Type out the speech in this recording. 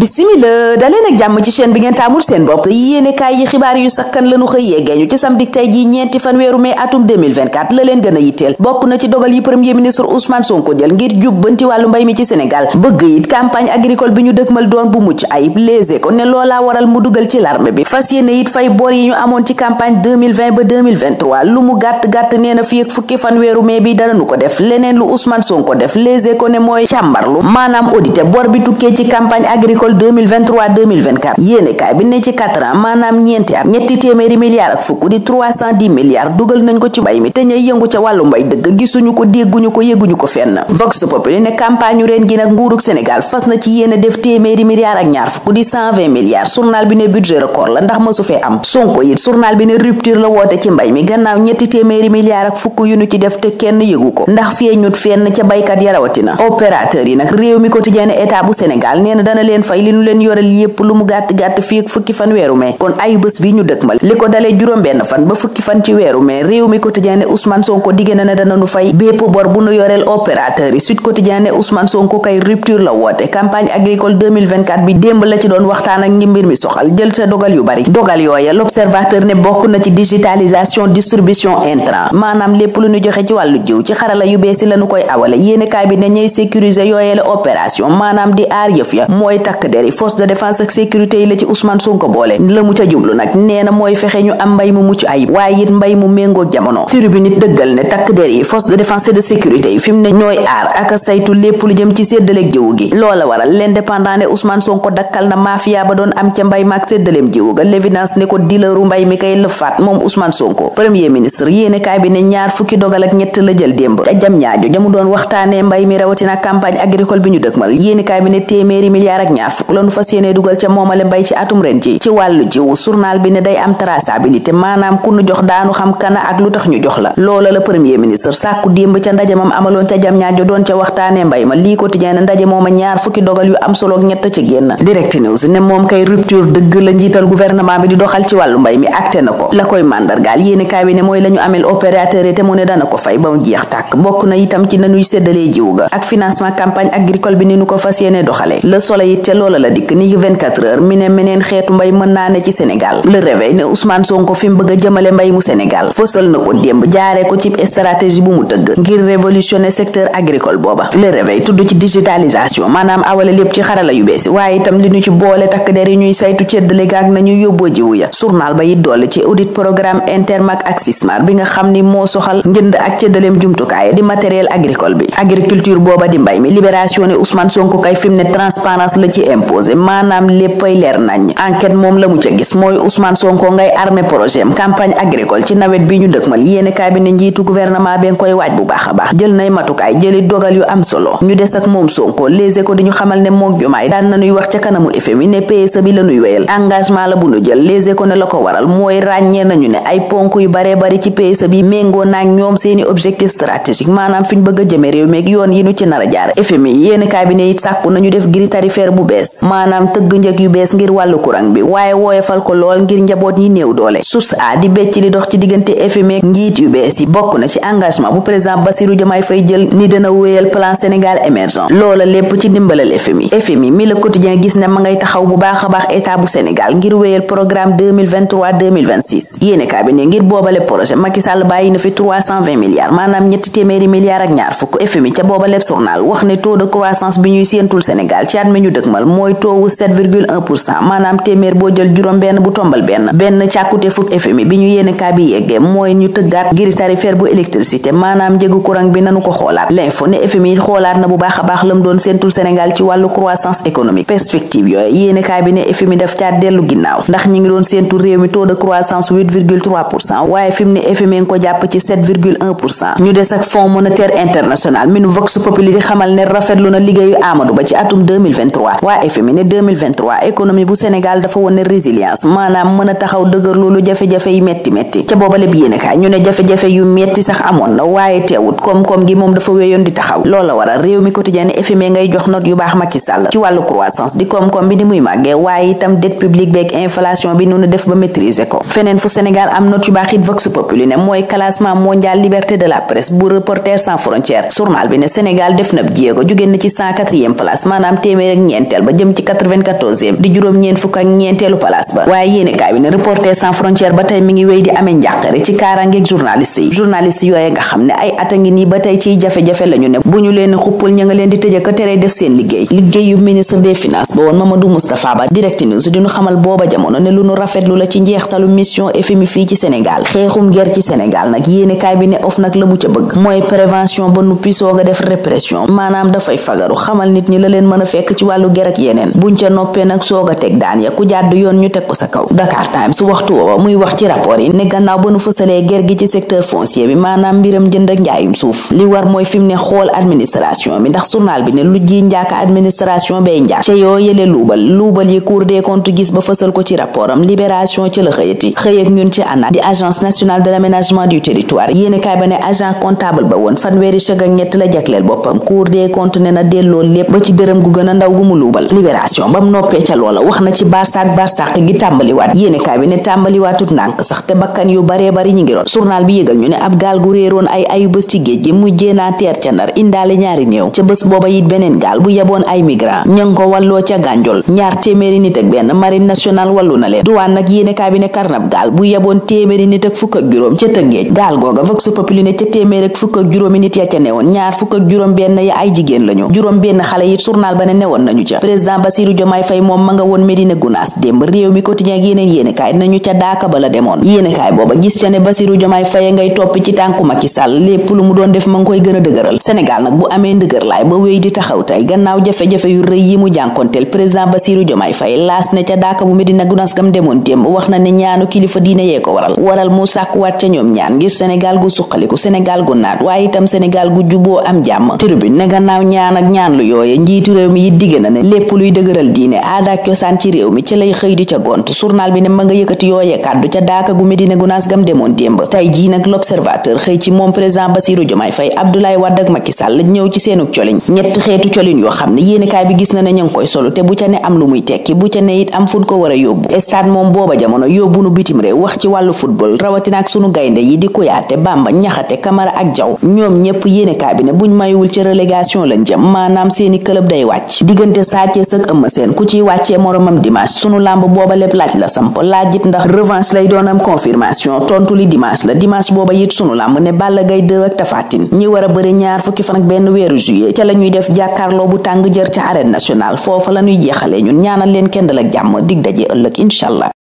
bisimila daleen ak jàmm ci chaîne bi ngeen taamul seen bopp yéenekaay yi xibaar yu sakkan lanu xëy yeggeeñu ci samedi tey ji ñeenti fan weeru atum 2024 gën a yitteel bokk na ci dogal yi premier ministre Ousmane Sonko jël ngir jubbanti wàllu mbay mi ci Sénégal bëgg it campagne agricole bi ñu dëkkmal doon bu mucc ayib Les Échos ne loolaa waral mu dugal ci larme bi fas yéene it fay bor yi ñu amoon ci campagne ba lu mu gàtt-gàtt nee na fii xool 2023 2024 yéene kaay bi ne ci 4 ans maanaam ñeenti at ñetti téeméeri milliards ak fukk di 310 milliards nañ ko ci mbay mi te ñay yëngu ca wàllu mbay dëgg gisuñu ko dégguñu ko yëguñu ko fenn Vox Populi ne campagne ren gi nag nguurug Sénégal fas na ci yéene def téeméeri milliards ak ñaar fukk di 120 milliards bi ne budget record la ndax mësu fee am Sonko it journal bi ne rupture la woote ci mbay mi gannaaw ñetti téeméeri milliards ak fukk yu nu ci def te ko ndax feeñut fenn ca yi nag réew mi li nu leen yoral yépp lu mu gàtt-gàtt fii ak fukki fan weeru mai kon ay bés bi ñu ma li ko dalee juróom benn fan ba fukki fan ci weeru mai réew mi quotidien ne Ousmane Sonko diggée na ne dananu fay bépp bor bu nu yoreel opérateur yi Sud Quotidien ne Ousmane Sonko kay rupture la woote campagne agricole 2024 bi démb la ci doon waxtaan ak ngi mbir mi soxal jël sa dogal yu bari dogal yooya l'observateur ne bokk na ci digitalisation distribution intrant maanaam lépp lu ñu joxe ci wàllu jiw ci xarala yu bees yi lañu koy awale yéenekaay bi ne ñey sécuriser yooyee opération maanaam di aar yëf mooy takk takk der yi force de défense ak sécurité yi la ci Ousmane Sonko boole la mu ca jublu nag nee na mooy fexe ñu am mbay mu mucc ayib waaye it mbay mu méngoog jamono tribune it dëggal ne takk der yi force de défense et sécurité yi fi ne ñooy aar ak saytu lépp lu jëm ci séddaleeg jëwu gi loola waral l'indépendant ne Ousmane Sonko dakkal na mafia ba doon am ca mbay maak séddaleem jëwu ga l'évidence ne ko dileeru mbay mi kay lëfaat moom Ousmane Sonko premier ministre yéene ñaar fukk lañu fas yéene dugal ca moomale mbay ci atum ren ji ci wàllu jiwu journal bi ne day am traçabilité maanaam ku nu jox daanu xam kana ak lu tax ñu jox la loola la premier ministre sàkku démb ca ndajamam amaloon ca jam ñaajo doon ca mbay ma lii quotidien ne ndaje mooma ñaar fukki dogal yu am solo ñett ca génn direct news ne moom kay rupture dëgg la njiital gouvernement bi di doxal ci wàllu mbay mi acté na ko la koy màndargaal yéeni kaay bi ne mooy la ñu amel opérateur yi te mu ne dana ko fay ba mu jeex tàkk bokk na itam ci nanuy séddalee jiw ga ak financement campagne agricole bi ni nu ko fas yéene doxale loola la dikk ni ngi 24 heures mi ne meneen xeetu mbay mën naa ne ci Sénégal le réveil ne Ousmane Sonko mu bëgg a jëmale mbay mu Sénégal fësal ko démb jaaree ko ci bu mu tëgg ngir révolutionner secteur agricole booba le réveil tudd ci digitalisation maanaam awale lépp ci xarala yu bees waaye itam li ñu ci boole takk der yi ñuy saytu céddale gaak nañu yóbboo jiwu ya journal ba it dolli ci audit programme Intermac ak Sismar bi nga xam ni moo soxal njënd ak céddaleem jumtukaay di matériel agricole bi agriculture booba di mbay mi libération ne Ousmane Sonko kay fi ne transparence la ci imposé maanaam léppay leer nañ enquête moom la mu a gis mooy Ousmane Sonko ngay armé projet am campagne agricole ci nawet bi ñu dëkmal yéenekaay a la bu ñu jël Les ne la ko waral mooy ràññee nañu ne ay ponk yu baree bari ci PSE bi méngoo naag ñoom seeni objectif stratégique maanaam fi ñu bëgg a jëme réew meeg yoon yi ñu ci nar a jaar FMI yéenekaay bi ne sàkku nañu def grille tarifaire bu bees Ma'nam manam teug njëg yu ngir walu kurang bi waaye woyefal ko lol ngir njabot ñi new doole sus a di becc li dox ci diggante FMI e ngit yu bees yi bokku na ci engagement bu président Bassirou Diomaye Faye jël ni dana wéyal plan Sénégal émergent lola lepp ci dimbalal FMI e. FMI e mi le quotidien gis ne ma ngay taxaw bu baax baax état bu Sénégal ngir wéyal programme 2023 2026 yéene cabinet ngir boba projet Macky Sall bàyyi na fi 320 milliards Ma'nam ñetti téméri milliards ak ñaar fukk FMI ca boobale journal wax ne taux de croissance bi ñuy sentul Sénégal ci at meñu deugmal mooy toowu 7,1 pour cent maanaam téeméer boo jël juróom benn bu tombal benn benn càkkute fukk FMI bi ñu yéene kaa bi yeggee mooy ñu tëggaat grille tarifaire bu électricité maanaam njëgu courant bi nanu ko xoolaat l'info ne FMI xoolaat bu baax a baax lam doon seentul Sénégal ci wàllu croissance économique perspective yooyu yéene kaa bi ne FMI daf caa dellu ginnaaw ndax ñi ngi doon seentu réew mi taux de croissance 8,3 pour cent waaye fi mu FMI ngi ko jàpp ci 7,1 pour ñu des ak international minu vox populi xamal ne rafetlu na liggéeyu Amadou Ba ci atum 2023 AFM ne 2023 économie bu Sénégal dafa wone résilience maanaam mën a taxaw dëgër lu jafe-jafe yi metti metti ca boobale bi yéenekaay ñu ne jafe-jafe yu metti sax amoon na waaye teewut koom-koom gi moom dafa wéyoon di taxaw loola waral réew mi quotidien FMI ngay jox not yu baax Macky Sall ci wàllu croissance di koom-koom bi ni muy màggee waaye itam dette publique beeg inflation bi nunu def ba maîtriser ko feneen fu Sénégal am note yu baax it Vox Populi ne mooy classement mondial liberté de la presse bu Reporters sans frontières journal bi ne Sénégal def na jéego jógéen ci 104e place maanaam téeméer ak ba jëm ci 94e di juróom ñeen fukk ak ñeenteelu place ba waaye yéene kaay bi ne reporter sans frontière ba tey mi ngi wéy di amee njàqare ci kaarangeeg journaliste seen liggéey liggéeyu ministre des finances ba woon Mamadou Moustapha Ba direct news di ñu xamal booba jamono ne lu nu rafetlu la ci njeextalu mission FMI fii ci Sénégal xeexum ger ci Sénégal nag yéene kaay bi ne of nag la mu bëgg mooy prévention ba nuppi soog a ak yeneen buñ ca noppee nag soog teg daan ya ku jàdd yoon ñu teg ko sa kaw Dakar Times su waxtu woowa muy wax ci rapport yi ne gannaaw ba nu fësalee ger gi ci secteur foncier bi maanaam mbiram jënd ak njaayum suuf li war mooy fi mu ne xool administration bi ndax journal bi ne lu ji njaaka administration bay njaak ca yoo yële luubal luubal yi cour des comptes gis ba fësal ko ci rapport am libération ci la xëyati xëy ak ñun ci ANAT di agence nationale de l'aménagement du territoire yéeni kaay ba ne agent comptable ba woon fanweeri chëg la jagleel boppam cour des comptes na delloo lépp taxawal libération ba mu noppee ca loola wax na ci barsaak barsaak gi tàmbaliwaat yéenekaay bi ne tàmbaliwaatut ndànk sax te bakkan yu baree bari ñi ngi doon journal bi yëgal ñu ne ab gaal gu réeroon ay ayu bés ci géej gi mujjee naa teer ca ndar indaale ñaari néew ca bés booba it beneen gaal bu yeboon ay migrant ña ngi ko wàlloo ca gànjol ñaar téeméeri nit ak benn marine nationale wàllu na leen duwaan nag yéenekaay bi ne karnab gaal bu yeboon téeméeri nit ak fukk ak juróom ca benn ya ay jigéen lañu juróom benn xale yi journal ba ne président Bassirou Diomaye Faye moom ma nga woon Medina Gounass démb réew mi quotidien ak yeneen yéenekaay nañu ca daaka ba la demoon yéenekaay booba gis ca ne Bassirou Diomaye Faye a dëgëral Sénégal laas ne ca daaka bu Medina Gounass gam demoon démb wax na ne ñaanu kilifa diine yee ko waral waral mu sàkkuwaat ca ñoom ñaan ngir Sénégal gu suqaliku Sénégal gu naat waaye itam Sénégal gu juboo am jàmm tribune ne gannaaw ñaan ak ñaan lu yooye njiitu réew mi yi digg na ne lépp luy dëgëral diine aada ak cosaan ci réew mi ci lay xëy di ca gont journal bi ne ma nga yëkkati yooye kàddu ca daaka gu Médina Gounass gam demoon démb tey jii nag l'observateur xëy ci moom président Bassirou Diomaye Faye Abdoulaye Wade ak Macky Sall ñëw ci seenuk colin ñett xeetu colin yoo xam ne yéenekaay bi gis na ne ñu ngi koy solu te bu ca ne am lu muy tekki bu ca ne it am fun ko war a yóbbu stade moom booba jamono yóbbu nu bitim réew wax ci wàllu ak sunu gaynde yi di kuyaate bamba ñaxate kamara ak jaw ñoom ñépp yéenekaay bi ne buñ mayul ci maanaam seeni club day wàcc Thiès ak Eumeu Sène ku ciy wàccee moromam dimanche sunu lamb booba lépp laaj la samp laajit ndax revanche lay doon am confirmation tontu li dimanche la dimanche booba it sunu lamb ne Balla Gaye 2 ak Tapha ñi war a bëre ñaar fukki fan ak benn weeru juillet ca la ñuy def jàkkaarloo bu tàng jër ca arène nationale foofa la jeexale ñun ñaanal leen kenn dal jàmm dig daje ëllëg incha